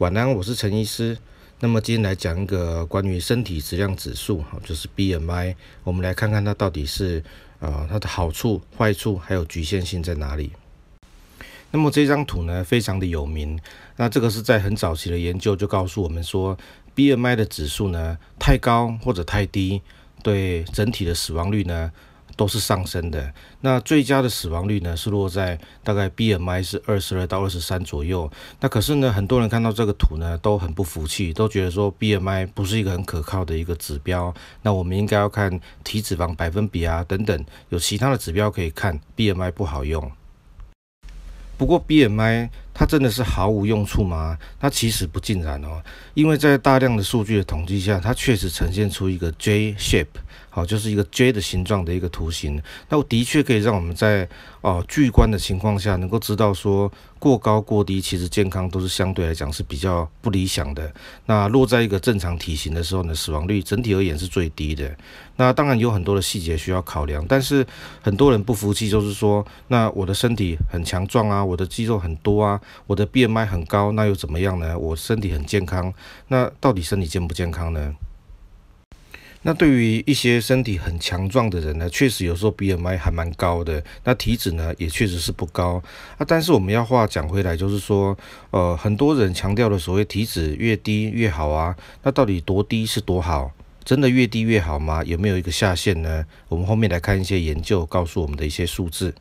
晚安，我是陳醫師。那麼今天來講一個關於身體質量指數，哈，就是 BMI。我們來看看它到底是啊、呃，它的好處、壞處，還有局限性在哪裡。那麼這張圖呢，非常的有名。那這個是在很早期的研究就告訴我們說，BMI 的指數呢，太高或者太低，對整體的死亡率呢。都是上升的。那最佳的死亡率呢？是落在大概 BMI 是二十二到二十三左右。那可是呢，很多人看到這個圖呢，都很不服氣，都覺得說 BMI 不是一個很可靠的一個指標。那我們應該要看體脂肪百分比啊，等等，有其他的指標可以看。BMI 不好用。不過 BMI。它真的是毫無用處嗎？那其實不盡然哦，因為在大量的數據的統計下，它確實呈現出一個 J shape，好，哦，就是一個 J 的形狀的一個圖形。那我的確可以讓我們在哦，巨觀的情況下，能夠知道說，過高過低，其實健康都是相對來講是比較不理想的。那落在一個正常體型的時候呢，死亡率整體而言是最低的。那當然有很多的細節需要考量，但是很多人不服氣，就是說，那我的身體很強壯啊，我的肌肉很多啊。我的 BMI 很高，那又怎麼樣呢？我身體很健康，那到底身體健不健康呢？那對於一些身體很強壯的人呢，確實有時候 BMI 還蠻高的，那體脂呢也確實是不高。啊，但是我們要話講回來，就是說，呃，很多人強調的所謂體脂越低越好啊，那到底多低是多好？真的越低越好嗎？有沒有一個下限呢？我們後面來看一些研究，告訴我們的一些數字。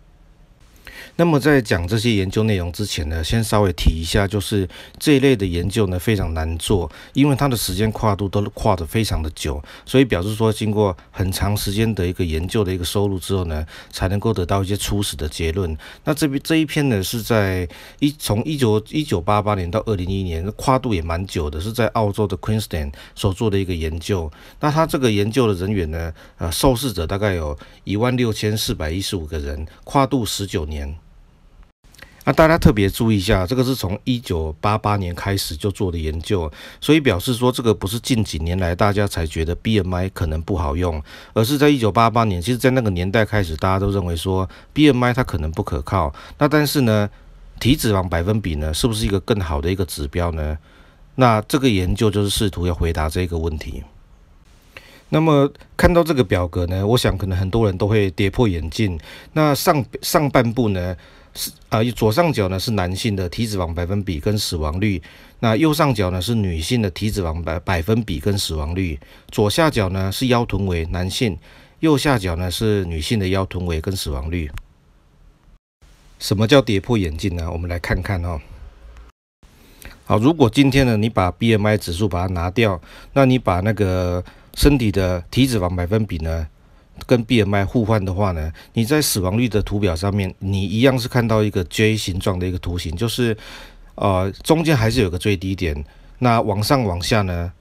那麼在講這些研究內容之前呢，先稍微提一下，就是這一類的研究呢，非常難做，因為它的時間跨度都跨得非常的久，所以表示說，經過很長時間的一個研究的一個收入之後呢，才能夠得到一些初始的結論。那這邊這一篇呢，是在一從一九一九八八年到二零一一年，跨度也蠻久的，是在澳洲的 Queensland 所做的一個研究。那它這個研究的人員呢，呃，受試者大概有一萬六千四百一十五個人，跨度十九年。那大家特別注意一下，這個是從一九八八年開始就做的研究，所以表示說這個不是近幾年來大家才覺得 BMI 可能不好用，而是在一九八八年，其實在那個年代開始，大家都認為說 BMI 它可能不可靠。那但是呢，體脂肪百分比呢，是不是一個更好的一個指標呢？那這個研究就是試圖要回答這個問題。那麼看到這個表格呢，我想可能很多人都會跌破眼鏡。那上上半部呢？是、呃、啊，左上角呢是男性的體脂肪百分比跟死亡率，那右上角呢是女性的體脂肪百百分比跟死亡率，左下角呢是腰臀圍男性，右下角呢是女性的腰臀圍跟死亡率。什麼叫跌破眼鏡呢？我們來看看哦。好，如果今天呢你把 BMI 指數把它拿掉，那你把那個身體的體脂肪百分比呢？跟 BMI 互換的話呢，你在死亡率的圖表上面，你一樣是看到一個 J 形狀的一個圖形，就是，呃，中間還是有個最低點。那往上往下呢，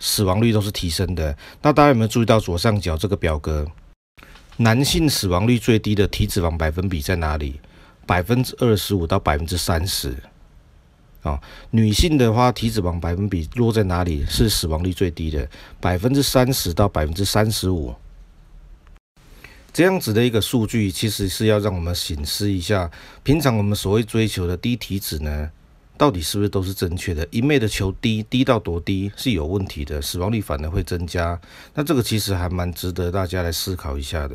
死亡率都是提升的。那大家有沒有注意到左上角這個表格？男性死亡率最低的體脂肪百分比在哪裡？百分之二十五到百分之三十。啊、呃，女性的話，體脂肪百分比落在哪裡是死亡率最低的？百分之三十到百分之三十五。這樣子的一個數據，其實是要讓我們省思一下，平常我們所謂追求的低體脂呢，到底是不是都是正確的？一味的求低，低到多低是有問題的，死亡率反而會增加。那這個其實還蠻值得大家來思考一下的。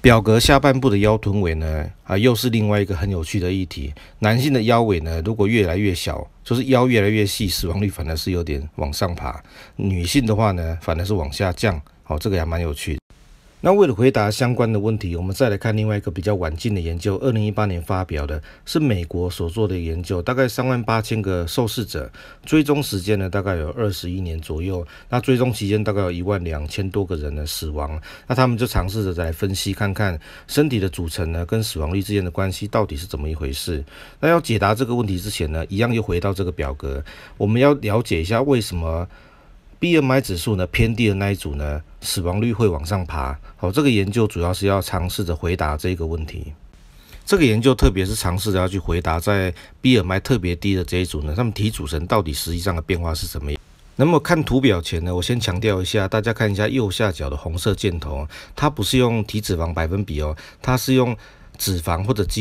表格下半部的腰臀圍呢，啊，又是另外一個很有趣的議題。男性的腰圍呢，如果越來越小，就是腰越來越細，死亡率反而是有點往上爬；女性的話呢，反而是往下降。哦，這個也蠻有趣的。那為了回答相關的問題，我們再來看另外一個比較晚近的研究，二零一八年發表的是美國所做的研究，大概三萬八千個受試者，追蹤時間呢大概有二十一年左右。那追蹤期間大概有一萬兩千多個人的死亡，那他們就嘗試着來分析看看身體的組成呢跟死亡率之間的關係到底是怎麼一回事。那要解答這個問題之前呢，一樣又回到這個表格，我們要了解一下為什麼。BMI 指數呢偏低的那一組呢，死亡率會往上爬。好，這個研究主要是要嘗試着回答這個問題。這個研究特別是嘗試着要去回答，在 BMI 特別低的這一組呢，他們體組成到底實際上的變化是什麼樣？那麼看圖表前呢，我先強調一下，大家看一下右下角的紅色箭頭，它不是用體脂肪百分比哦，它是用脂肪或者肌。